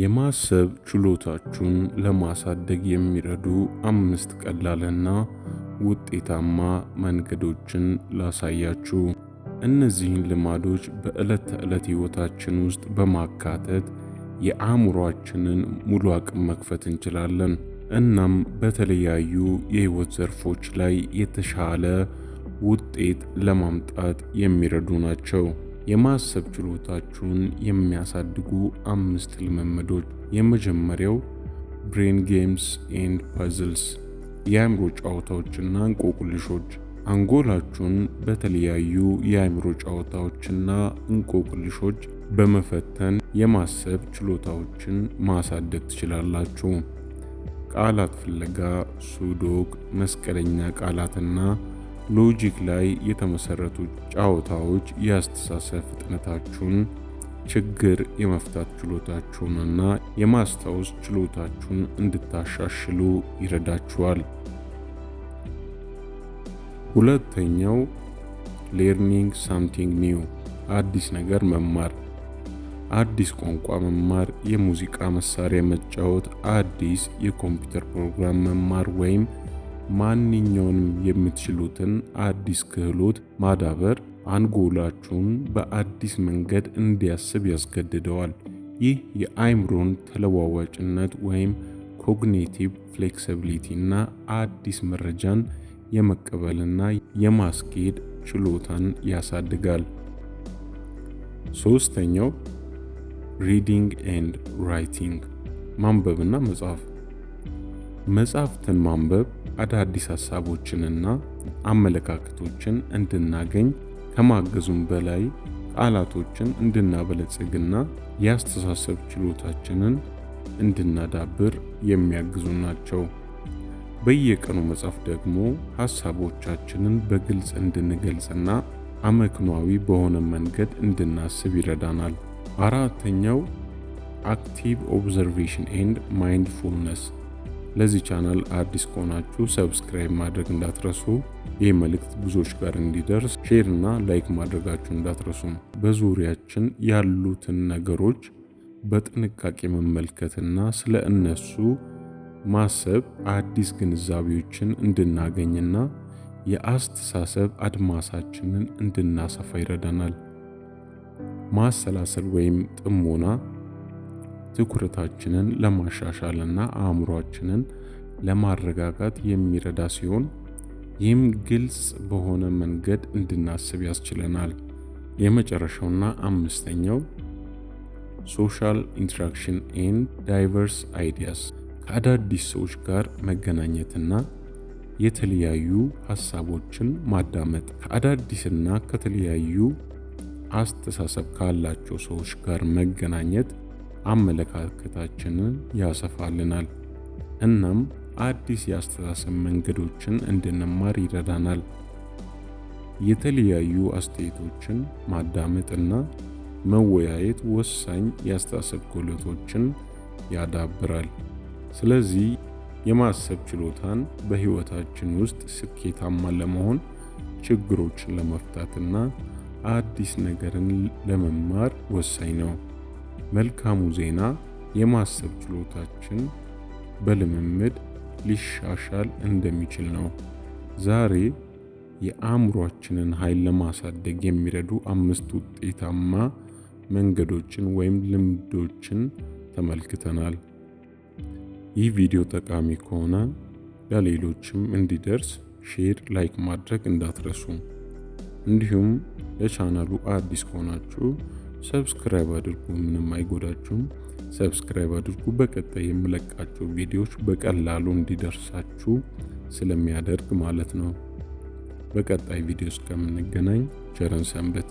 የማሰብ ችሎታችሁን ለማሳደግ የሚረዱ አምስት ቀላልና ውጤታማ መንገዶችን ላሳያችሁ። እነዚህን ልማዶች በዕለት ተዕለት ሕይወታችን ውስጥ በማካተት የአእምሯችንን ሙሉ አቅም መክፈት እንችላለን። እናም በተለያዩ የሕይወት ዘርፎች ላይ የተሻለ ውጤት ለማምጣት የሚረዱ ናቸው። የማሰብ ችሎታችሁን የሚያሳድጉ አምስት ልምምዶች። የመጀመሪያው ብሬን ጌምስ ኤንድ ፐዝልስ፣ የአእምሮ ጨዋታዎችና እንቆቅልሾች። አንጎላችሁን በተለያዩ የአእምሮ ጨዋታዎችና እንቆቅልሾች በመፈተን የማሰብ ችሎታዎችን ማሳደግ ትችላላችሁ። ቃላት ፍለጋ፣ ሱዶክ፣ መስቀለኛ ቃላትና ሎጂክ ላይ የተመሰረቱ ጨዋታዎች የአስተሳሰብ ፍጥነታችሁን፣ ችግር የመፍታት ችሎታችሁንና የማስታወስ ችሎታችሁን እንድታሻሽሉ ይረዳችኋል። ሁለተኛው ሌርኒንግ ሳምቲንግ ኒው አዲስ ነገር መማር አዲስ ቋንቋ መማር፣ የሙዚቃ መሳሪያ መጫወት፣ አዲስ የኮምፒውተር ፕሮግራም መማር ወይም ማንኛውንም የምትችሉትን አዲስ ክህሎት ማዳበር አንጎላችሁን በአዲስ መንገድ እንዲያስብ ያስገድደዋል። ይህ የአይምሮን ተለዋዋጭነት ወይም ኮግኒቲቭ ፍሌክሲቢሊቲ እና አዲስ መረጃን የመቀበልና የማስኬድ ችሎታን ያሳድጋል። ሶስተኛው ሪዲንግ ኤንድ ራይቲንግ ማንበብና መጻፍ። መጻሕፍትን ማንበብ አዳዲስ ሀሳቦችንና አመለካከቶችን እንድናገኝ ከማገዙም በላይ ቃላቶችን እንድናበለጽግና የአስተሳሰብ ችሎታችንን እንድናዳብር የሚያግዙ ናቸው። በየቀኑ መጻፍ ደግሞ ሀሳቦቻችንን በግልጽ እንድንገልጽና አመክኗዊ በሆነ መንገድ እንድናስብ ይረዳናል። አራተኛው አክቲቭ ኦብዘርቬሽን ኤንድ ማይንድፉልነስ ለዚህ ቻናል አዲስ ከሆናችሁ ሰብስክራይብ ማድረግ እንዳትረሱ። ይህ መልእክት ብዙዎች ጋር እንዲደርስ ሼር እና ላይክ ማድረጋችሁ እንዳትረሱ። በዙሪያችን ያሉትን ነገሮች በጥንቃቄ መመልከትና ስለ እነሱ ማሰብ አዲስ ግንዛቤዎችን እንድናገኝና የአስተሳሰብ አድማሳችንን እንድናሰፋ ይረዳናል። ማሰላሰል ወይም ጥሞና ትኩረታችንን ለማሻሻልና አእምሯችንን ለማረጋጋት የሚረዳ ሲሆን ይህም ግልጽ በሆነ መንገድ እንድናስብ ያስችለናል። የመጨረሻውና አምስተኛው ሶሻል ኢንትራክሽን ኤንድ ዳይቨርስ አይዲያስ ከአዳዲስ ሰዎች ጋር መገናኘትና የተለያዩ ሀሳቦችን ማዳመጥ ከአዳዲስና ከተለያዩ አስተሳሰብ ካላቸው ሰዎች ጋር መገናኘት አመለካከታችንን ያሰፋልናል። እናም አዲስ የአስተሳሰብ መንገዶችን እንድንማር ይረዳናል። የተለያዩ አስተያየቶችን ማዳመጥና መወያየት ወሳኝ የአስተሳሰብ ክህሎቶችን ያዳብራል። ስለዚህ የማሰብ ችሎታን በሕይወታችን ውስጥ ስኬታማ ለመሆን ችግሮችን ለመፍታትና አዲስ ነገርን ለመማር ወሳኝ ነው። መልካሙ ዜና የማሰብ ችሎታችን በልምምድ ሊሻሻል እንደሚችል ነው። ዛሬ የአእምሯችንን ኃይል ለማሳደግ የሚረዱ አምስት ውጤታማ መንገዶችን ወይም ልምዶችን ተመልክተናል። ይህ ቪዲዮ ጠቃሚ ከሆነ ለሌሎችም እንዲደርስ ሼር፣ ላይክ ማድረግ እንዳትረሱ። እንዲሁም ለቻናሉ አዲስ ከሆናችሁ ሰብስክራይብ አድርጉ፣ ምንም አይጎዳችሁም። ሰብስክራይብ አድርጉ። በቀጣይ የምለቃቸው ቪዲዮዎች በቀላሉ እንዲደርሳችሁ ስለሚያደርግ ማለት ነው። በቀጣይ ቪዲዮ እስከምንገናኝ ቸረን ሰንበት።